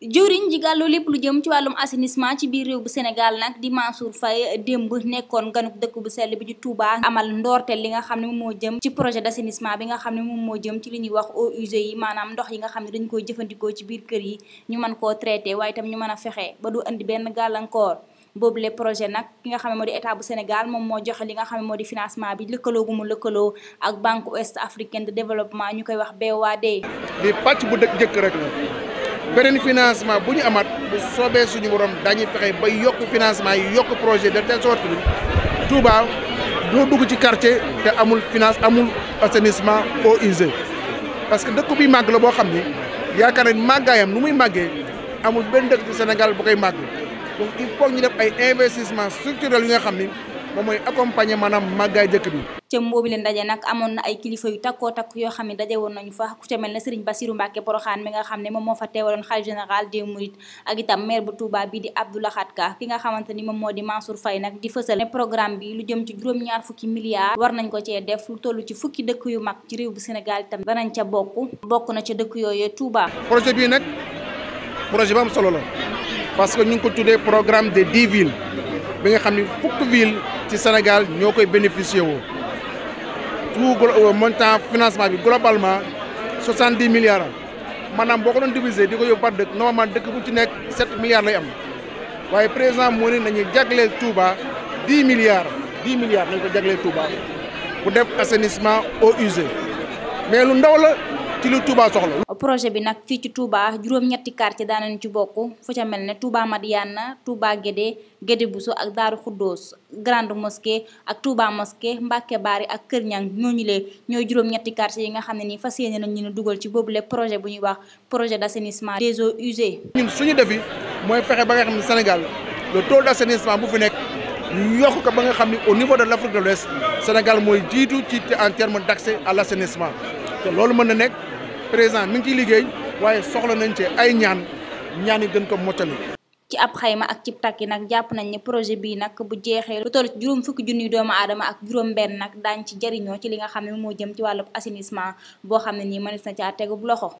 jëwriñ ji gàllu lépp lu jëm ci wàllum assainissement ci biir réew bu Sénégal nag di Mansour Faye démb nekkoon ganuk dëkk bu sell bi di tuubaa amal ndoorteel li nga xam ne moo jëm ci projet d'assainissement bi nga xam ne moom moo jëm ci li ñuy wax eaux usées yi maanaam ndox yi nga xam ne dañ koy jëfandikoo ci biir kër yi ñu mën koo traité waaye itam ñu mën a fexe ba du indi benn gàllankoor boobu le projet nag ki nga xam ne moo di état bu Sénégal moom moo joxe li nga xam ne moo di financement bi lëkkaloo gu mu lëkkaloo ak banque ouest africaine de ñu koy wax BOAD. lii pàcc bu dëkk beneen financement bu ñu amaat bu soobee suñu borom dañuy fexe ba yokk financement yi yokk projet de telle sorte que Touba doo dugg ci quartier te amul finance amul assainissement eau usée parce que dëkku bi màgg la boo xam ni yaakaar nañ màggaayam nu muy màggee amul benn dëkk ci Sénégal bu koy màgg donc il faut ñu def ay investissement structurel yu nga xam ni. moom mooy accompagner maanaam màggaay jëkk bi ca boobu leen ndaje nag amoon na ay kilifa yu takkoo takk yoo xam ne daje woon nañu fa ku ca mel ne Serigne Bassirou Mbacké Porokhane mi nga xam ne moom moo fa teewaloon xalifa général des Mourides ak itam maire bu Touba bii di Abdou Lahad Ka ki nga xamante ni moom moo di Mansour Faye nag di fësal ne programme bi lu jëm ci juróom-ñaar fukki milliards war nañ ko cee def lu toll ci fukki dëkk yu mag ci réew bu Sénégal itam danañ ca bokk bokk na ca dëkk yooyu Touba projet bii nag projet bu am solo la parce que ñu ngi ko tuddee bi nga xam ne ci Sénégal ñoo koy bénéficier wu tout euh, montant financement bi globalement soixante dix milliards maanaam boo ko doon diviser di ko yóbbu par dëkk ma dëkk bu ci nekk sept milliards lay am waaye président moo ne nañu jagleel Touba dix milliards dix milliards nañ ko jagleel Touba bu def assainissement eaux usées mais lu ndaw la ci lu Touba soxla. projet bi nag fii ci Touba juróom-ñetti quartier daanañ ci bokk fu ca mel ne Touba Madiana Touba Guédé Guédé Bousso ak Daaru Xuddoos Grande Mosquée ak Touba Mosquée Mbacke Bari ak Kër Ñang ñooñu lee ñooy juróom-ñetti quartier yi nga xam ne nii fas yéene nañ ñu ne dugal ci boobule projet bu ñuy wax projet d' assainissement des eaux usées. ñun defi mooy fexe ba nga xam ne Sénégal le taux d' assainissement bu fi nekk ñu yokk ko ba nga xam ne au niveau de l' Afrique de l' en terme d' accès à l' assainissement président mi ngi ciy liggéey waaye soxla nañ ci ay ñaan ñaan yi gën ko mottali. ci ab xayma ak cib takki nag jàpp nañ ne projet bii nag bu jeexee lu toll ci juróom fukki junniy doomu aadama ak juróom-benn nag daañ ci jariñoo ci li nga xam ne moo jëm ci wàllu assainissement boo xam ne nii mënees sa caa tegub loxo.